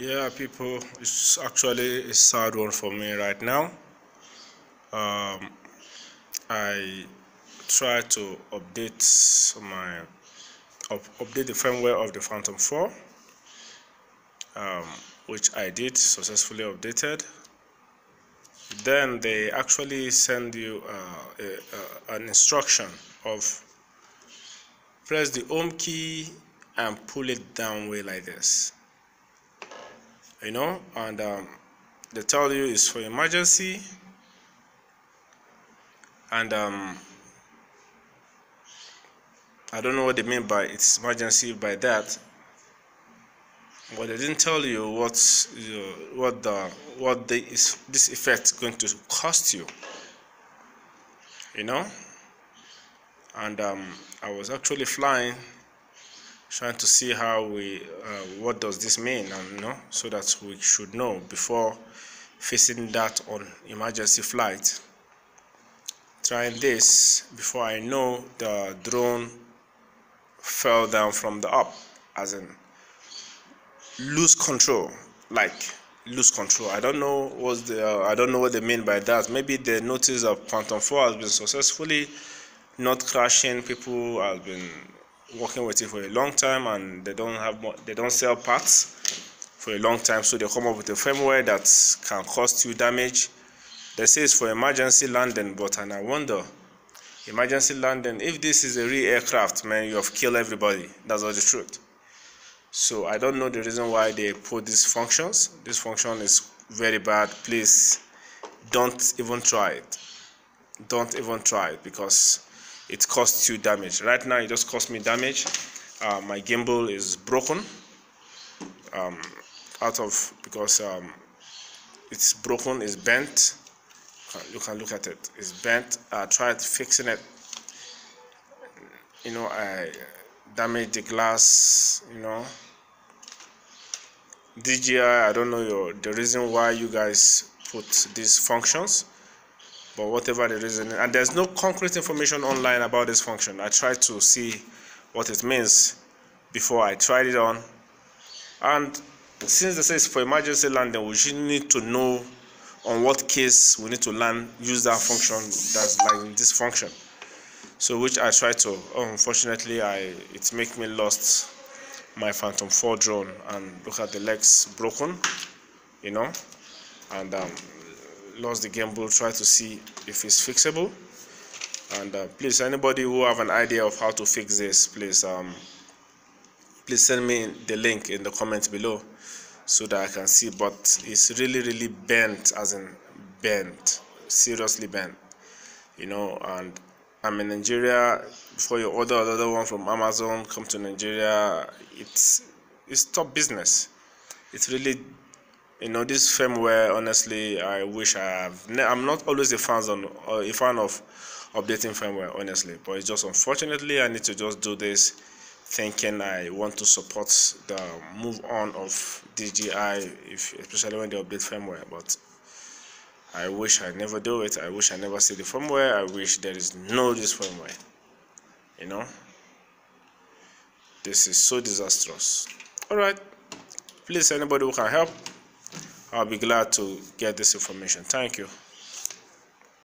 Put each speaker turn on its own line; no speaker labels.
yeah people it's actually a sad one for me right now um, i tried to update my up, update the firmware of the phantom 4 um, which i did successfully updated then they actually send you uh, a, a, an instruction of press the home key and pull it down way like this you know and um, they tell you it's for emergency and um, I don't know what they mean by it's emergency by that but they didn't tell you what you know, what the what the, is, this effect is going to cost you you know and um, I was actually flying trying to see how we uh, what does this mean and um, you know so that we should know before facing that on emergency flight trying this before I know the drone fell down from the up as in lose control like lose control i don't know what's the uh, i don't know what they mean by that maybe the notice of quantum 4 has been successfully not crashing people have been working with it for a long time and they don't have more, they don't sell parts for a long time so they come up with a firmware that can cause you damage they say it's for emergency landing but and i wonder emergency landing if this is a real aircraft man you have killed everybody that's all the truth so i don't know the reason why they put these functions this function is very bad please don't even try it don't even try it because it costs you damage. Right now, it just cost me damage. Uh, my gimbal is broken um, out of because um, it's broken, it's bent. Uh, you can look at it. It's bent. I tried fixing it. You know, I damaged the glass. You know, DJI. I don't know your the reason why you guys put these functions but whatever the reason and there's no concrete information online about this function i tried to see what it means before i tried it on and since this is for emergency landing we should need to know on what case we need to land use that function that's like in this function so which i tried to unfortunately i it make me lost my phantom 4 drone and look at the legs broken you know and um, lost the game we'll try to see if it's fixable and uh, please anybody who have an idea of how to fix this please um please send me the link in the comments below so that i can see but it's really really bent as in bent seriously bent you know and i'm in nigeria before you order another one from amazon come to nigeria it's it's top business it's really you know this firmware honestly i wish i have i'm not always a fan on uh, a fan of updating firmware honestly but it's just unfortunately i need to just do this thinking i want to support the move on of dji if especially when they update firmware but i wish i never do it i wish i never see the firmware i wish there is no this firmware you know this is so disastrous all right please anybody who can help I'll be glad to get this information. Thank you.